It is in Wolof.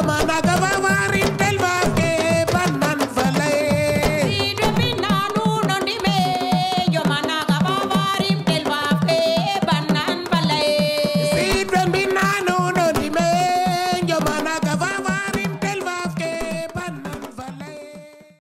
Yamanaga